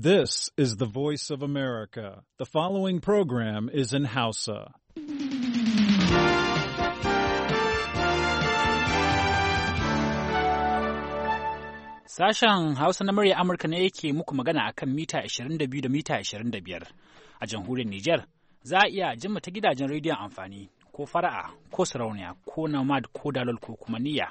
This is the voice of America. The following program is in Hausa. Sashen Hausa na murya Amurka ne yake muku magana a kan mita 22 da mita 25 a jamhuriyar Nijar. Za a iya jin ta gidajen rediyon amfani ko fara'a ko sarauniya ko namad ko dalol ko kuma niyya.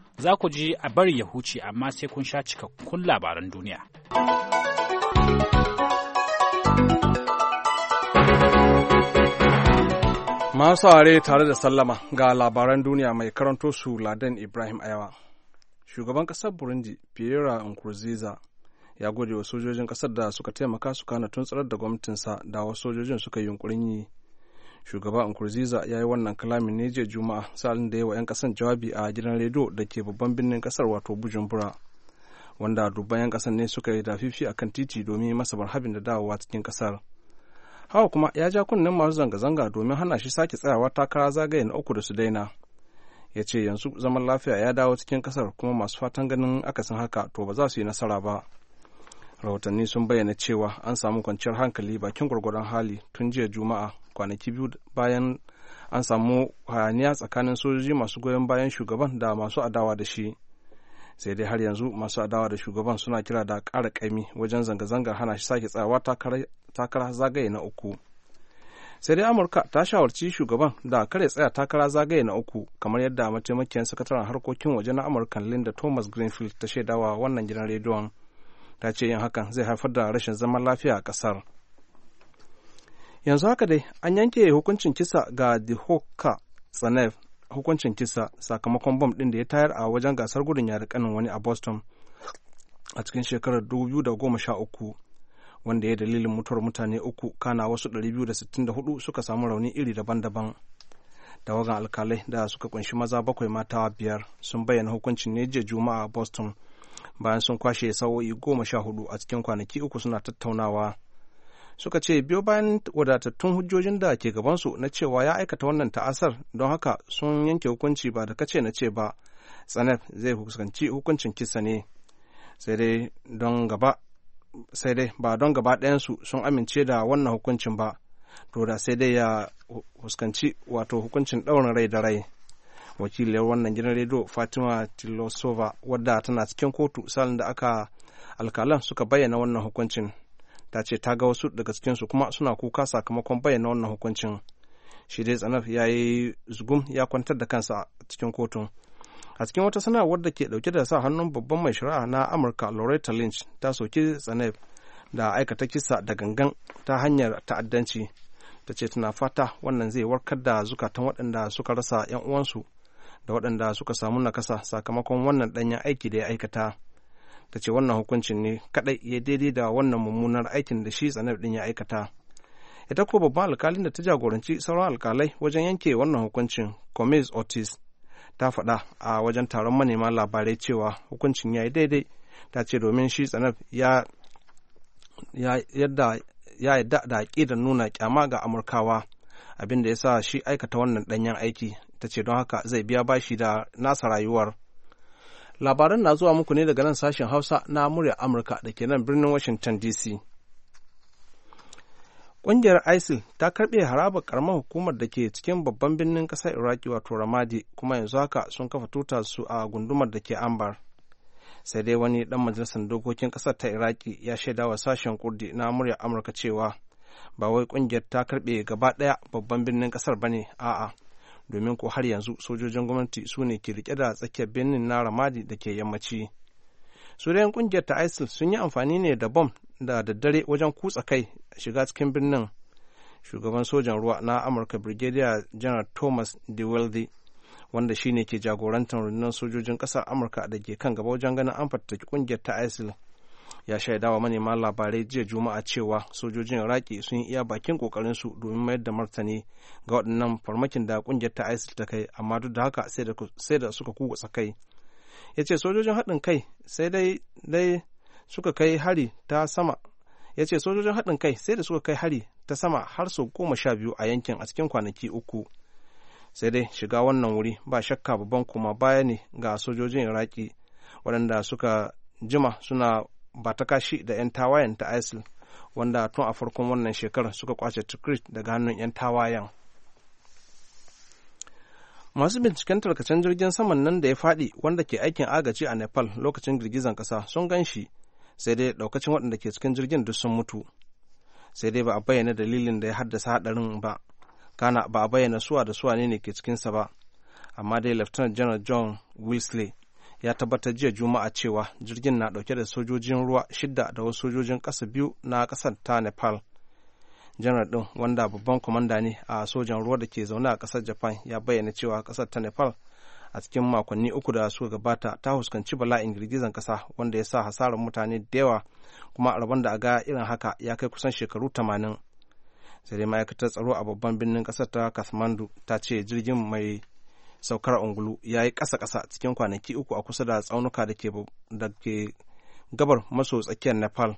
za ku ji a bari ya huce amma sai kun sha cikakkun labaran duniya. Masu are tare da sallama ga labaran duniya mai karanto su Ladan Ibrahim Ayawa. Shugaban ƙasar Burundi, Pierre Nkurunziza, ya gode wa sojojin ƙasar da suka taimaka su kana tuntsirar da gwamnatinsa da wasu sojojin suka yi yunkurin yi shugaba nkurunziza ya yi wannan kalamin ne jiya juma'a sa'alin da ya wa 'yan kasan jawabi a gidan rediyo da ke babban birnin kasar wato bujumbura wanda dubban 'yan kasan ne suka yi dafifi a kan titi domin masa barhabin da dawowa cikin kasar hawa kuma ya ja kunnen masu zanga-zanga domin hana shi sake tsayawa takara zagaye na uku da su daina ya ce yanzu zaman lafiya ya dawo cikin kasar kuma masu fatan ganin akasin haka to ba za su yi nasara ba rahotanni sun bayyana cewa an samu kwanciyar hankali bakin gwargwaron hali tun jiya juma'a kwanaki biyu bayan an samu hayaniya tsakanin sojoji masu goyon bayan shugaban da masu adawa da shi sai dai har yanzu masu adawa da shugaban suna kira da ƙara ƙaimi wajen zanga-zangar hana shi sake tsayawa takara zagaye na uku sai dai amurka ta shawarci shugaban da kare tsaya takara zagaye na uku kamar yadda mataimakiyar sakataren harkokin waje na amurka linda thomas greenfield ta shaidawa wannan gidan rediyon ta ce yin hakan zai haifar da rashin zaman lafiya a kasar. yanzu haka dai an yanke hukuncin kisa ga the dihoka tsanef hukuncin kisa sakamakon bom ɗin da ya tayar a wajen gasar gudun yare kanin wani a boston a cikin shekarar 2013 wanda ya dalilin mutuwar mutane uku kana wasu 264 suka samu rauni iri daban-daban tawagan alkalai da suka kunshi maza bakwai mata biyar sun bayyana hukuncin ne jiya juma'a a boston bayan sun kwashe sa'o'i goma sha hudu a cikin kwanaki uku suna tattaunawa suka ce biyo bayan wadatattun hujjojin da ke gabansu na cewa ya aikata wannan ta'asar don haka sun yanke hukunci ba da kace na ce ba tsanaf zai fuskanci hukuncin kisa ne sai dai sai dai ba don gaba ɗayansu sun amince da wannan hukuncin ba to da sai dai ya fuskanci wato hukuncin ɗaurin rai da rai wakiliyar wannan gidan rediyo fatima tilosova wadda tana cikin kotu salin da aka alkalan suka bayyana wannan hukuncin ta ce ta ga wasu daga cikinsu kuma suna kuka sakamakon bayyana wannan hukuncin shi dai tsanaf ya yi zugum ya kwantar da kansa a cikin kotu a cikin wata sanarwar da ke dauke da sa hannun babban mai shari'a na amurka loretta lynch ta soki tsanaf da aikata kisa da gangan ta hanyar ta'addanci ta ce tana fata wannan zai warkar da zukatan waɗanda suka rasa 'yan uwansu da waɗanda suka samu nakasa sakamakon wannan ɗanyen aiki da ya aikata ta ce wannan hukuncin ne kaɗai ya daidai da wannan mummunar aikin da shi tsanar ɗin ya aikata ita ko babban alkalin da ta jagoranci sauran alkalai wajen yanke wannan hukuncin comis otis ta faɗa a wajen taron manema labarai cewa hukuncin ya yi daidai ta ce domin shi tsanar ya yadda ya yadda da aƙidar nuna kyama ga amurkawa abinda ya sa shi aikata wannan ɗanyen aiki ta ce don haka zai biya bashi da nasa rayuwar labaran na zuwa muku ne daga nan sashen hausa na murya amurka da ke nan birnin washington dc Ƙungiyar ISIL ta karɓe haraba karamar hukumar da ke cikin babban birnin ƙasar Iraki wato Ramadi kuma yanzu haka sun kafa tuta su a gundumar da ke Ambar. Sai dai wani ɗan majalisar dokokin ƙasar ta Iraki ya shaida wa sashen kurdi na murya Amurka cewa ba wai ƙungiyar ta karɓe gaba ɗaya babban birnin ƙasar ba ne a'a domin ko har yanzu sojojin gwamnati su ne ke rike da tsakiyar birnin na ramadi da ke yammaci suriyan kungiyar ta isil sun yi amfani ne da bom da daddare wajen kutsa kai shiga cikin birnin shugaban sojan ruwa na amurka brigadier general thomas deweldy wanda shine ke jagorantar rundunar sojojin ƙasar amurka da ke kan gaba wajen ganin an fatattaki kungiyar ta isil ya shaida wa manema labarai jiya juma'a cewa sojojin iraki sun yi iya bakin kokarinsu domin mayar da martani ga waɗannan farmakin da kungiyar ta isil ta kai amma duk da haka sai da suka kugutsa kai ya ce sojojin haɗin kai sai dai suka kai hari ta sama ya ce sojojin haɗin kai sai da suka kai hari ta sama har sau goma sha biyu a yankin a cikin kwanaki uku sai dai shiga wannan wuri ba shakka babban kuma baya ne ga sojojin iraki waɗanda suka jima suna ba ta kashi da 'yan tawayen ta isil wanda tun a farkon wannan shekarar suka kwace tikrit daga hannun 'yan tawayen masu binciken tarkacen jirgin saman nan da ya faɗi wanda ke aikin agaji a nepal lokacin girgizan ƙasa sun gan shi sai dai ɗaukacin waɗanda ke cikin jirgin duk sun mutu sai dai ba a bayyana dalilin da ya haddasa haɗarin ba kana ba a bayyana suwa da suwa ne ke cikinsa ba amma dai lieutenant general john wilsley ya tabbatar jiya juma'a cewa jirgin na dauke da sojojin ruwa shidda da wasu sojojin kasa biyu na kasar ta nepal janar din wanda babban kwamanda ne a sojan ruwa da ke zaune a kasar japan ya bayyana cewa ƙasar ta nepal a cikin makonni uku da suka gabata ta fuskanci bala'in girgizan ƙasa wanda ya sa hasarar mutane da yawa kuma rabon da a ga irin haka ya kai kusan shekaru tamanin sai dai ma'aikatar tsaro a babban birnin ƙasar ta kathmandu ta ce jirgin mai saukar ungulu ya yi ƙasa-ƙasa cikin kwanaki uku a kusa da tsaunuka da ke gabar maso tsakiyar nepal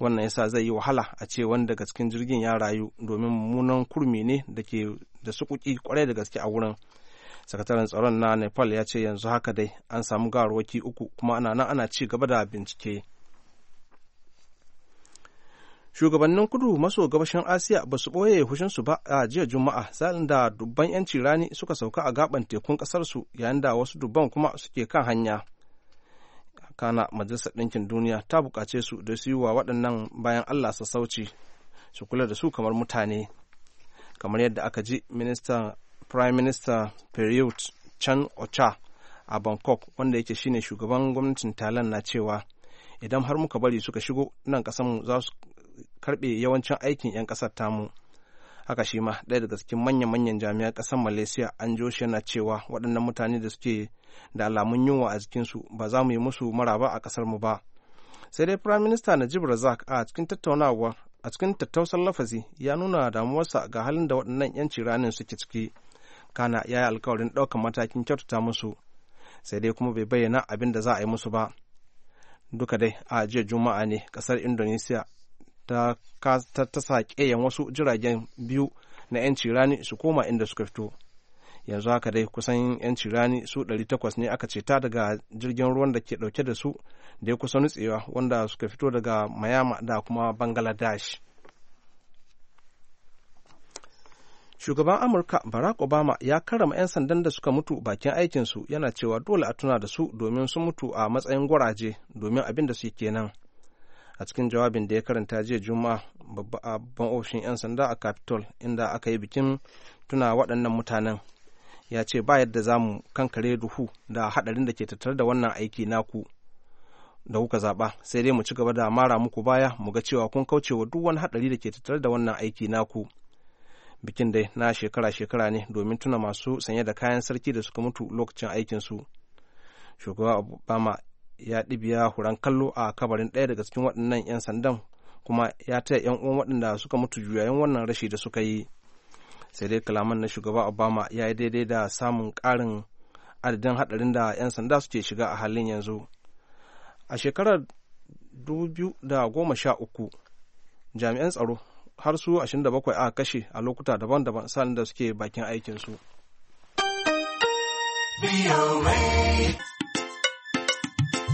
wannan yasa zai yi wahala a ce wani daga cikin jirgin ya rayu domin mummunan kurmi ne da ke da sukuki kwarai da gaske a wurin sakataren tsaron na nepal ya ce yanzu haka dai an samu gawarwaki uku kuma ana nan ana ci gaba da bincike shugabannin kudu maso gabashin asiya ba su ɓoye hushinsu ba a jiya juma'a sa'in da dubban yanci rani suka sauka a gaban tekun ƙasarsu yayin da wasu dubban kuma suke kan hanya kana majalisar ɗinkin duniya ta buƙace su da su yi wa waɗannan bayan allah sassauci su kula da su kamar mutane kamar yadda aka ji minista prime minister period chan ocha a bangkok wanda yake shine shugaban gwamnatin talan na cewa idan har muka bari suka shigo nan kasan za karɓe yawancin aikin 'yan kasar tamu haka shi ma ɗaya daga cikin manyan manyan jami'an ƙasar malaysia an joshi yana cewa waɗannan mutane da suke da alamun yunwa a jikinsu ba za mu yi musu maraba a ƙasar mu ba sai dai prime minister najib razak a cikin tattaunawa a cikin tattausan lafazi ya nuna damuwarsa ga halin da waɗannan 'yanci ranin suke ciki kana ya yi alkawarin ɗaukar matakin kyautata musu sai dai kuma bai bayyana abin da za a yi musu ba duka dai a jiya juma'a ne ƙasar indonesia ta tasa ƙeyan wasu jiragen biyu na 'yanci rani su koma inda suka fito yanzu haka dai kusan 'yanci rani su 800 ne aka ceta daga jirgin ruwan da ke ɗauke da su da ya kusa nutsewa wanda suka fito daga mayama da kuma bangladesh shugaban amurka barack obama ya karama 'yan sandan da suka mutu bakin aikinsu yana cewa dole a tuna da su domin su mutu a matsayin guraje domin abin da su kenan a cikin jawabin da ya karanta jiya juma'a babban ofishin 'yan sanda a capitol inda aka yi bikin tuna waɗannan mutanen ya ce ba yadda za mu kankare duhu da haɗarin da ke tattare da wannan aiki naku da kuka zaɓa sai dai mu ci gaba da mara muku baya mu ga cewa kun kauce wa duk wani haɗari da ke tattare da wannan aiki naku bikin dai na shekara-shekara ne domin tuna masu sanye da kayan sarki da suka mutu lokacin aikinsu shugaba obama ya ɗibiya huran kallo a kabarin ɗaya daga cikin waɗannan 'yan sandan kuma ya taya 'yan uwan waɗanda suka mutu juyayen wannan rashi da suka yi sai dai kalaman na shugaba obama ya yi daidai da samun ƙarin adadin haɗarin da 'yan sanda suke shiga a halin yanzu a shekarar 2013 jami'an tsaro har su 27 a kashe a lokuta daban-daban sa'an da suke bakin aikinsu.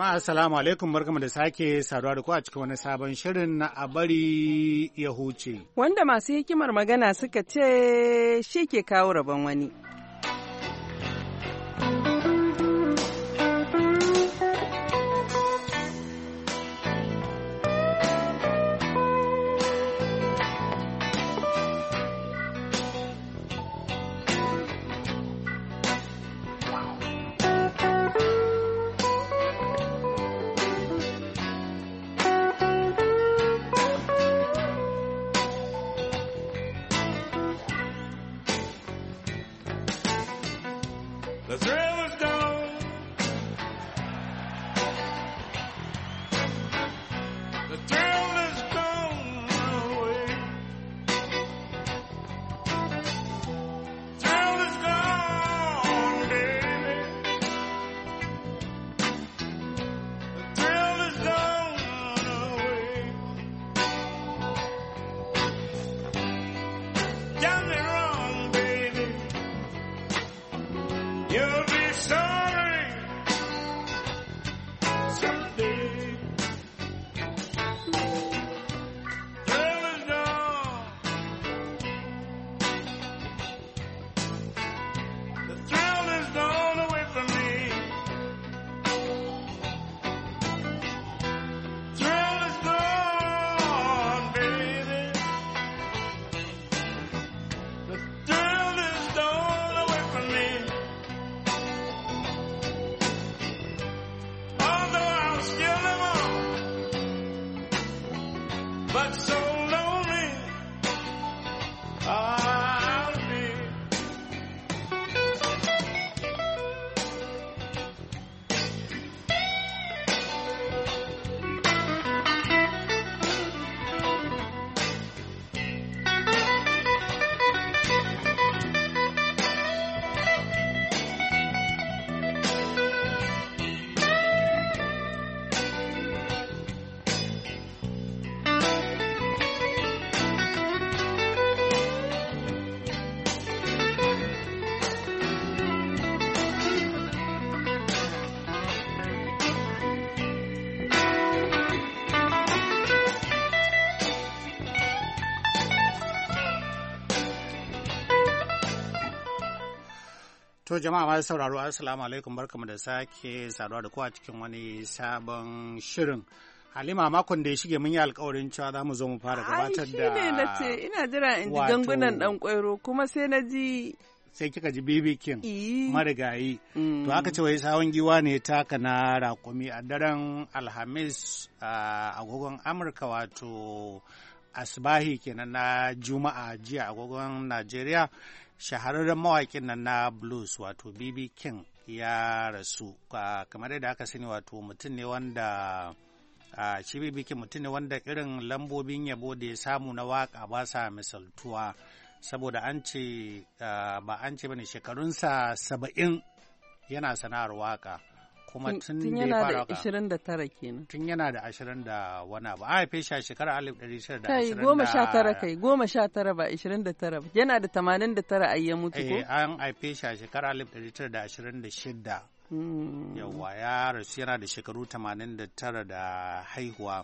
Jama'a assalamu alaikum barkamu da sake saduwa da ku a cikin wani sabon shirin na a bari ya huce. Wanda masu hikimar magana suka ce shi ke kawo rabon wani. To jama'a masu sauraro assalamu alaikum barkamu da sake saduwa da kowa cikin wani sabon shirin. Halima makon da ya shige mun yi alkawarin cewa za mu zo mu fara gabatar da Ai na ce ina jira in ji gangunan dan kwairo kuma sai na ji sai kika ji BB King marigayi. Mm. To aka ce wai sawon giwa ne taka na rakumi a daren Alhamis a agogon Amurka wato Asbahi kenan na Juma'a jiya agogon Najeriya. shahararren mawakin nan na blues wato bb king ya rasu kamar yadda aka sani wato mutum ne wanda a shi bb king mutum ne wanda irin lambobin yabo da ya samu na waka ba sa misaltuwa saboda an ce ba an ce bane shekarunsa saba'in yana sana'ar waka kuma tun da fara ka tun yana da 29 kenan tun yana da 20 da wani abu ah, a haife shi a shekarar 1920 kai goma sha tara kai goma sha tara ba da ba yana da 89 a ya mutu ko eh an haife shi a shekarar 1926 hmm. yawwa ya rasu yana da shekaru 89 da haihuwa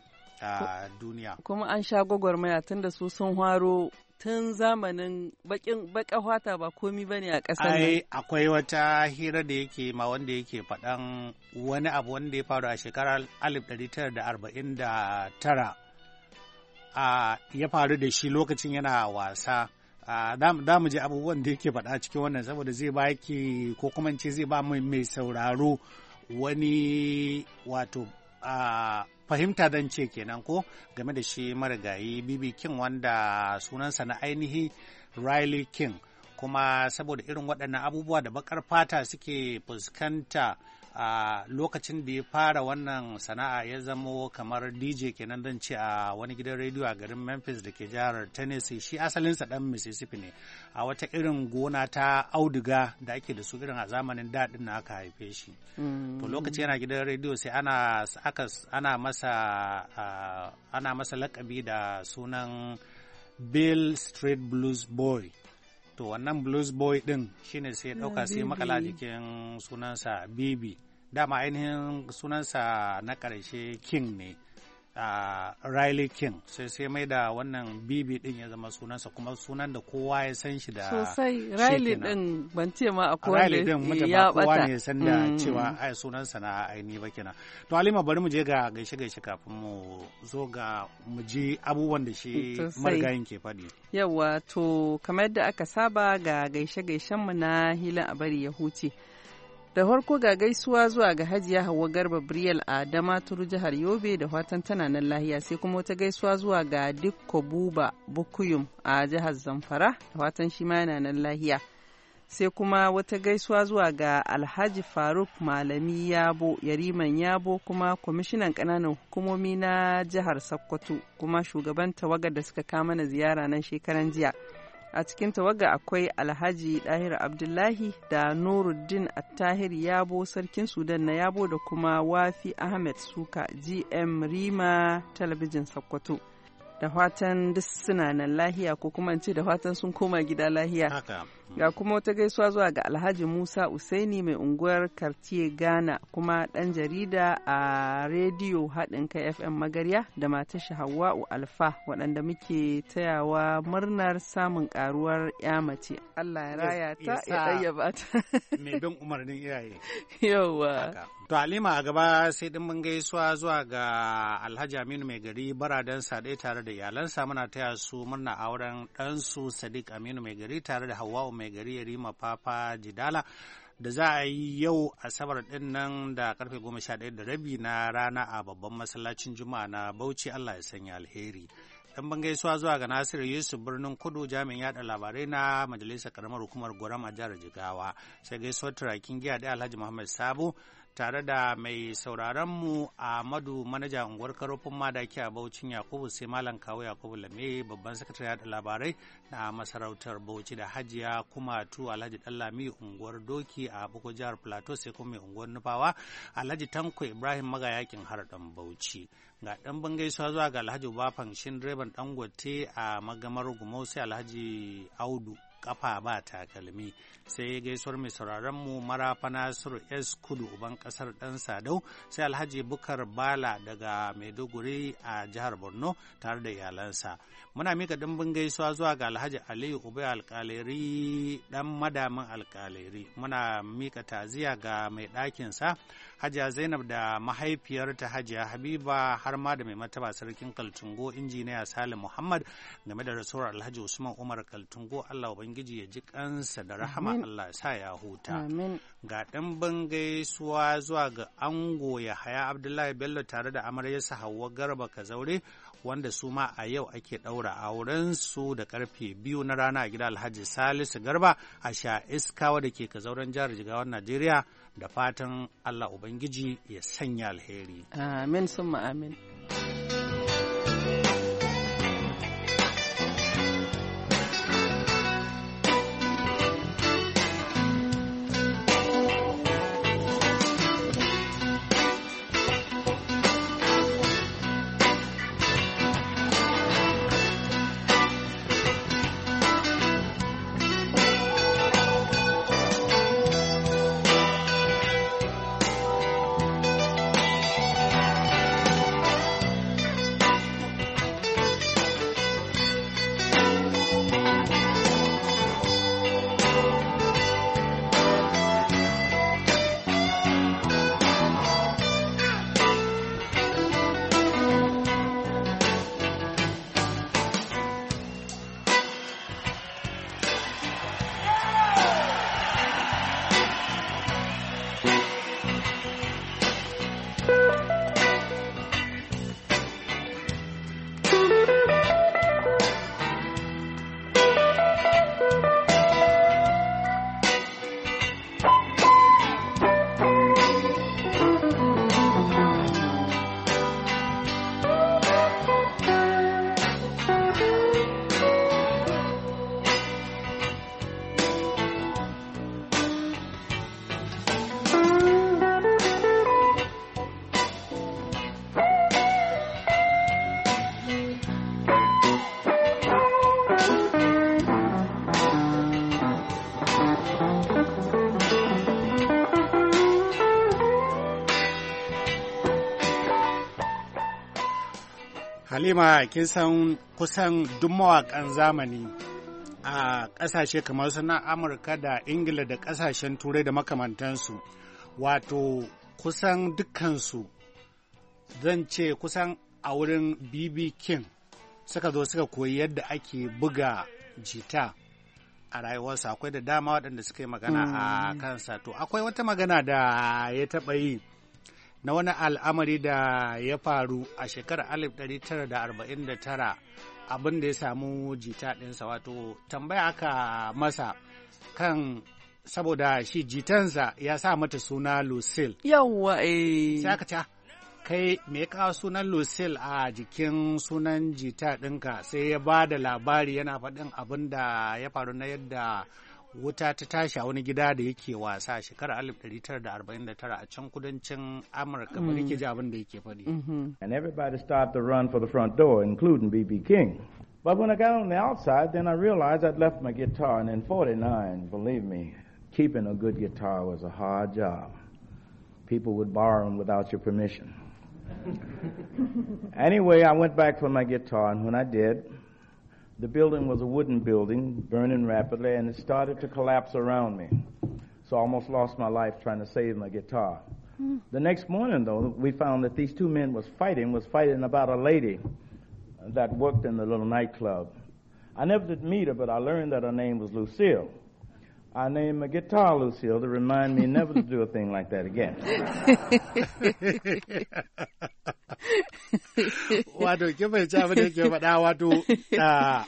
a duniya kuma an sha gwagwarmaya tun da su sun haro tun zamanin bakin baka fata ba komi ba ne a ƙasar ai akwai wata hira da yake ma wanda yake faɗan wani abu wanda ya faru a shekarar 1949 a ya faru da shi lokacin yana wasa za mu ji abubuwan da yake faɗa cikin wannan saboda zai ba ki ko kuma ce zai ba mai sauraro wani wato a fahimta don ce kenan ko game da shi marigayi bibikin king wanda sunansa na ainihi riley king kuma saboda irin waɗannan abubuwa da bakar fata suke fuskanta a lokacin da ya fara wannan sana'a ya zamo kamar dj kenan dan ce a wani gidan rediyo a garin memphis da ke jihar tennessee shi asalinsa dan mississippi ne a wata irin gona ta auduga da ake da su irin a zamanin daɗin na aka haife shi to mm. lokaci yana gidan rediyo sai ana masa lakabi da sunan bill street blues boy to wannan blues boy din shine sai ya ɗauka sai makala jikin sunansa baby dama ainihin sunansa na ƙarshe king ne uh, Riley King sai sai mai da wannan bibi din ya zama sunansa kuma sunan da kowa ya san shi da sosai Riley din ban ce ma akwai Riley din mutum kowa ne ya san da mm. cewa ai sunansa na aini ba kenan to alima bari mu je ga gaishe gaishe kafin mu zo ga mu ji abubuwan da shi margayin ke faɗi yawa to kamar yadda aka saba ga gaishe gaishen mu na hilin a bari ya huce da farko ga gaisuwa zuwa ga hajiya hawa garba briel a damaturu jihar yobe da fatan tana nan lahiya sai kuma wata gaisuwa zuwa ga dukko buba bukuyum a jihar zamfara da fatan shi ma yana nan lahiya sai kuma wata gaisuwa zuwa ga alhaji faruk malami yabo yariman yabo kuma kwamishinan kananan hukumomi na jihar sokoto kuma shugaban tawagar da suka kama na ziyara nan shekaran jiya a cikin tawaga akwai alhaji dahir abdullahi da nuruddin attahir yabo sarkin sudan na yabo da kuma wafi ahmed suka gm rima talabijin sokoto da fatan duk suna nan lahiya ko kuma ce da fatan sun koma gida lahiya mm. ga kuma wata gaisuwa zuwa ga alhaji musa usaini mai unguwar kartiye ghana kuma dan jarida a rediyo haɗin kai fm magarya da matar shi alfa waɗanda muke tayawa murnar samun karuwar ya mace allah ya raya ta ya ba ta bin umarnin iyaye To Alima a gaba sai din mun gaisuwa zuwa ga Alhaji Aminu mai gari baradan sade tare da iyalansa muna taya su murna auren ɗansu Sadiq Aminu mai gari tare da Hawwa'u mai gari Yarima Papa Jidala. da za a yi yau asabar din nan da karfe goma sha ɗaya da rabi na rana a babban masallacin juma'a na bauchi allah ya sanya alheri dan ban gaisuwa zuwa ga Nasiru Yusuf birnin Kudu jami'in yada labarai na majalisar karamar hukumar Goram a jihar Jigawa sai gaisuwar turakin giya da Alhaji Muhammad Sabo tare da mai sauraronmu a madu manajan unguwar karofin madaki a Bauchin Yakubu sai Malam Kawo Yakubu Lame babban sakatare yada labarai na masarautar Bauchi da Hajiya kuma tu Alhaji Dallami unguwar Doki a Boko jihar Plateau sai kuma mai unguwar Nufawa Alhaji Tanko Ibrahim Maga Magayakin haradan Bauchi. Ga ɗan bangaisuwa zuwa ga Alhaji Bafan Shin direban Dangote a magamar Gumau sai Alhaji Audu kafa ba takalmi sai gaisuwar mai sauraron mu marafa nasiru s kudu uban kasar dan sadau sai alhaji bukar bala daga maiduguri a jihar borno tare da iyalansa muna mika dimbin gaisuwa zuwa ga alhaji aliyu ubai alkaleri dan madamin alkaleri muna mika taziya ga mai ɗakinsa hajiya zainab da mahaifiyarta hajiya habiba har ma da mai mataba sarkin kaltungo injiniya salim muhammad game da rasuwar alhaji usman umar kaltungo allah ubangiji ya ji kansa da rahama allah sa ya huta ga ɗan gaisuwa zuwa ga ango ya haya abdullahi bello tare da amaryarsa hauwa garba kazaure wanda su ma a yau ake ɗaura auren su da karfe biyu na rana a gida alhaji salisu garba a sha iskawa da ke kazauren jihar Jigawar najeriya da fatan Allah Ubangiji ya sanya alheri. Amin sun amin. halima kin san kusan duk mawakan zamani a ƙasashe kamar su na amurka da ingila da ƙasashen turai da makamantansu wato kusan dukkansu zan ce kusan a wurin bb king suka zo suka koyi yadda ake buga jita a rayuwarsa akwai da dama waɗanda suka yi magana a mm. kansa to akwai wata magana da ya taɓa yi na wani al'amari da ya faru a shekarar 1949 abin da ya samu jita ɗinsa wato tambaya aka masa kan saboda shi jitansa ya sa mata suna lucille yawwa eh sai aka ca ah, kai me ya kawo sunan lucille a jikin sunan jita ɗinka sai ya ba da labari yana faɗin abin da ya faru na yadda wuta ta tashi a wani gida da yake wasa shekarar 1949 a can kudancin Amurka bari ke mm. ji abin da yake faɗi. Mm-hmm. And everybody started to run for the front door including BB King. But when I got on the outside then I realized I'd left my guitar and in 49 believe me keeping a good guitar was a hard job. People would borrow them without your permission. anyway, I went back for my guitar and when I did the building was a wooden building, burning rapidly, and it started to collapse around me. So I almost lost my life trying to save my guitar. Mm. The next morning, though, we found that these two men was fighting, was fighting about a lady that worked in the little nightclub. I never did meet her, but I learned that her name was Lucille. I named my guitar Lucille to remind me never to do a thing like that again. wato kin bai ci abin da ke faɗa wato ah,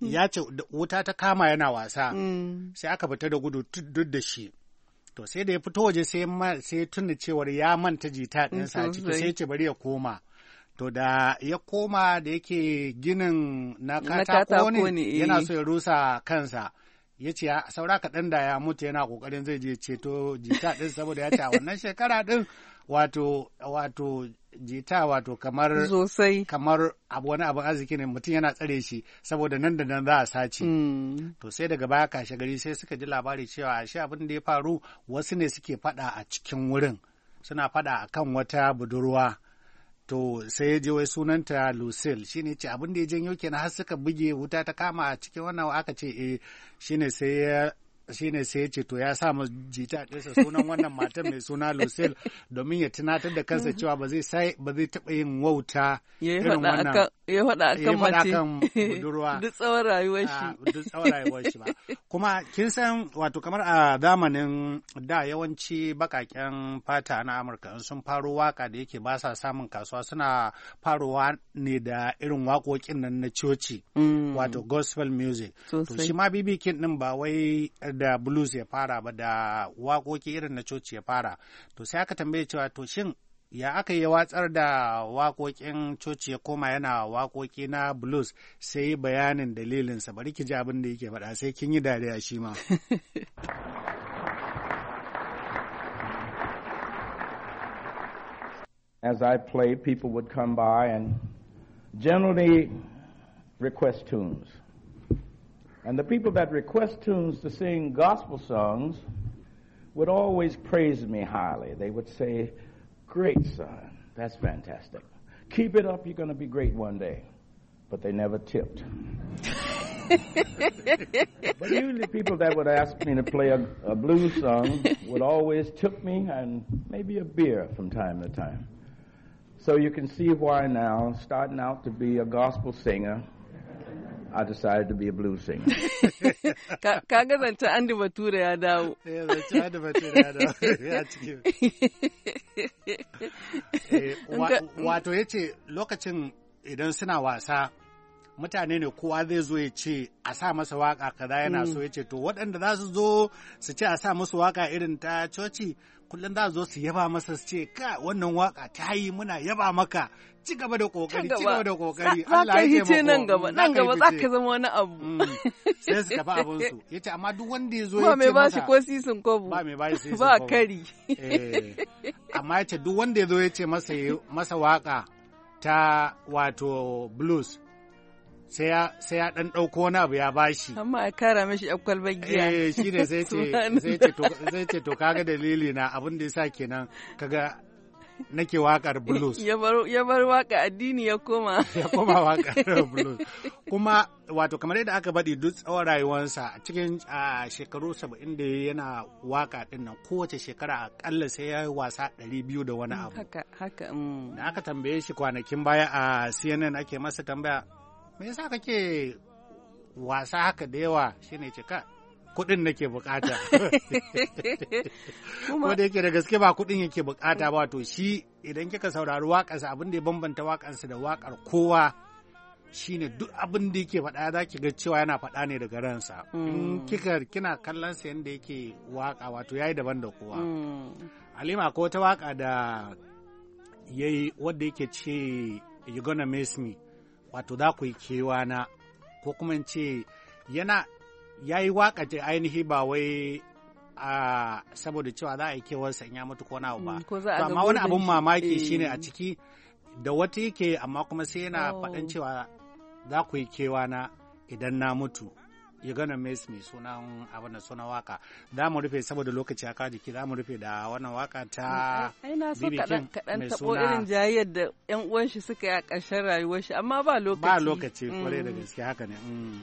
ya ce wuta ta kama yana wasa mm. sai aka fita da gudu duk da shi to sai da ya fito waje sai tuna cewar ya manta jita ɗinsa a ciki sai ce bari ya koma to da ya koma da yake ginin na katako ne yana eh. so ya rusa kansa ya ce saura kaɗan da ya mutu yana ƙoƙarin zai je ceto jita ɗin saboda ya ce a wannan shekara ɗin wato wato jita wato kamar sosai kamar abu wani abin arziki ne mutum yana tsare shi saboda nan da nan za a sace mm. to sai daga baya kashe gari sai suka ji labari cewa a shi abin da ya faru wasu ne suke fada a cikin wurin suna fada a kan wata budurwa to sai ya je wai sunanta lucille shine ce abin da ya janyo kenan har suka buge wuta ta kama a cikin wannan aka ce eh shine sai ya shine sai ya ce to ya sa jita ɗaya sunan wannan matan mai suna Lucille domin ya tunatar da kansa cewa ba zai sai ba zai taɓa yin wauta irin wannan ya faɗa akan mace budurwa duk tsawon rayuwar shi ah, duk tsawon rayuwar shi ba kuma kin san wato kamar a zamanin da yawanci bakaken fata na Amurka sun faro waka da yake ba sa samun kasuwa suna farowa ne da irin waƙoƙin nan na coci mm. wato gospel music to shi ma bibi kin din ba wai da blues ya fara ba da waƙoƙi irin na coci ya fara to sai aka tambaye cewa to shin ya aka yi watsar da waƙoƙin coci ya koma yana waƙoƙi na blues sai bayanin dalilinsa bari ki ji abin da yake faɗa sai kin yi dariya shi ma As I play people would come by and generally request tunes. And the people that request tunes to sing gospel songs would always praise me highly. They would say, Great, son, that's fantastic. Keep it up, you're going to be great one day. But they never tipped. but usually, people that would ask me to play a, a blues song would always tip me and maybe a beer from time to time. So you can see why now, starting out to be a gospel singer, I decided to be a blues singer. Ka ga zancen Andy Bature ya dawo. Eh, Andy Bature ya dawo ya eh, Wato ya ce lokacin idan suna wasa mutane ne kowa zai zo ya ce a sa masa waka kaza yana mm. so ya ce to waɗanda za su zo su ce a sa musu waka irin ta coci kullum za zo su yaba masa su ce ka wannan waka ta yi muna yaba maka ci gaba da kokari ci gaba da kokari Allah ya ce nan gaba nan gaba za ka zama wani abu mm. sai su tafi abun su yace amma duk wanda ya zo eh. ya ce ba mai bashi ko sisin kobo ba mai bashi sisin kobo ba kari amma yace duk wanda ya zo ya ce masa masa waka ta wato blues sai ya dan dauko wani abu ya bashi. Amma a kara mishi yan kwalbar giya. Eh shi ne sai ce to kaga dalili na abin da yasa kenan kaga nake wakar blues. Ya bar waka addini ya koma. Ya koma wakar blues. Kuma wato kamar yadda aka baɗi duk tsawon rayuwarsa cikin shekaru saba'in da yana waka din nan kowace shekara akalla sai ya yi wasa 200 biyu da wani mm, abu. Haka haka. Na mm. aka tambaye shi kwanakin baya a CNN ake masa tambaya me yasa kake wasa haka da yawa shine cika. kudin kuɗin nake bukata kuma da yake da gaske ba kuɗin yake bukata ba to shi idan kika saurari waƙarsa abin da ya bambanta sa da waƙar kowa shine duk abin da yake faɗa za ki ga cewa yana faɗa ne daga ransa in mm. kika kina kallon sa yanda yake waka wato yayi daban da kowa mm. Halima ko ta waka da yayi wanda yake ce you gonna miss me wato za ku yi kewana ko kuma in ce yana ya yi waƙace ainihi ba wai a saboda cewa za a yi kewarsa in ya mutu ko na ba mm, amma wani abin mamaki eh. shine a ciki da wata yake amma kuma sai yana oh. faɗan cewa za ku yi kewana idan na mutu gana mes mai sunan abin da sunan waka. Za mu rufe saboda lokaci aka jiki za mu rufe da wannan waka ta Bibi King mai suna. irin jayyar da ƴan uwan shi suka yi a ƙarshen rayuwar shi amma ba lokaci. Ba lokaci kwarai mm. da gaske haka ne. Mm.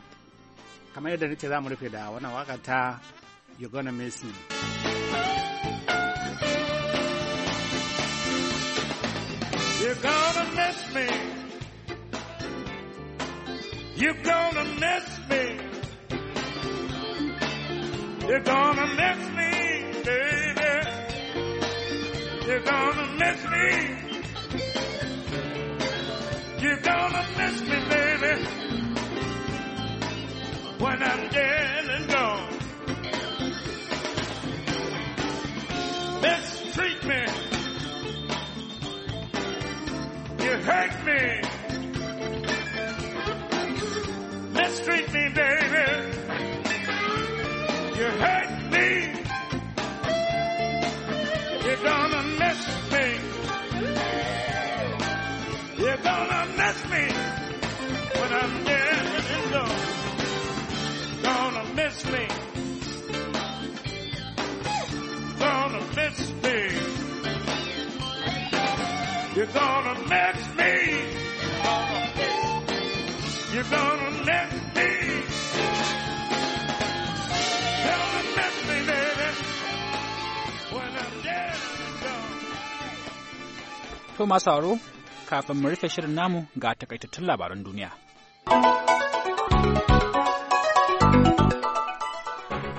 Kamar yadda nace za mu rufe da wannan waka ta mes mai You're gonna miss me. You're gonna miss me. You're gonna miss me, baby. You're gonna miss me. You're gonna miss me, baby. When I'm dead and gone. Mistreat me. You hurt me. Mistreat me, baby. To masu sauraro kafin mu rufe shirin namu ga takaitattun labaran duniya.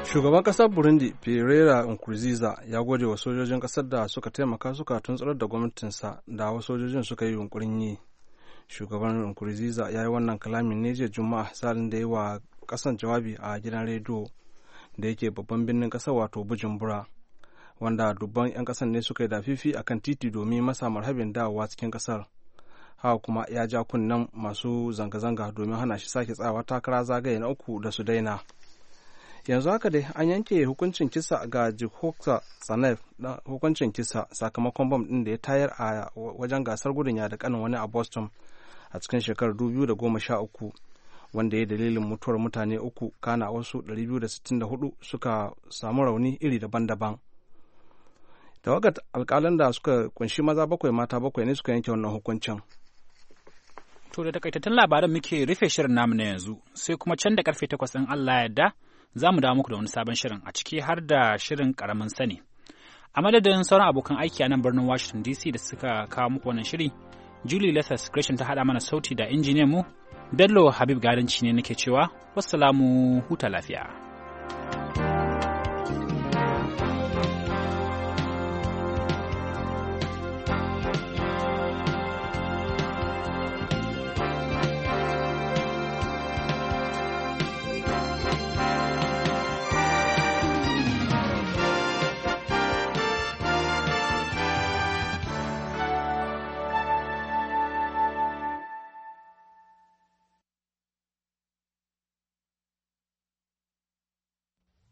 Shugaban ƙasar Burundi Pereira Nkurunziza ya gode wa sojojin kasar da suka taimaka suka tuntsurar da gwamnatinsa da wasu sojojin suka yi yunkurin yi. Shugaban Nkurunziza ya yi wannan kalamin ne Juma'a salin da yi wa kasan jawabi a gidan rediyo da yake babban birnin ƙasar wato Bujumbura. wanda dubban 'yan kasan ne suka yi dafifi a kan titi domin masa marhabin dawowa cikin kasar haka kuma ya ja kunnen masu zanga-zanga domin hana shi sake tsawa takara zagaye na uku da su daina yanzu haka dai an yanke hukuncin kisa ga jihoksa tsanef na hukuncin kisa sakamakon bom din da ya tayar a wajen gasar gudun ya da kanin wani a boston a cikin shekarar 2013 wanda ya dalilin mutuwar mutane uku kana wasu 264 suka samu rauni iri daban-daban tawagar alkalan da suka kunshi maza bakwai mata bakwai ne suka yanke wannan hukuncin to da takaitattun labaran muke rufe shirin namu na yanzu sai kuma can da karfe takwas in Allah yadda za mu dawo muku da wani sabon shirin a ciki har da shirin karamin sani a madadin sauran abokan aiki a nan birnin Washington DC da suka kawo muku wannan shiri Julie Lessas Gresham ta haɗa mana sauti da injiniyan mu Bello Habib Gadanci ne nake cewa salamu huta lafiya.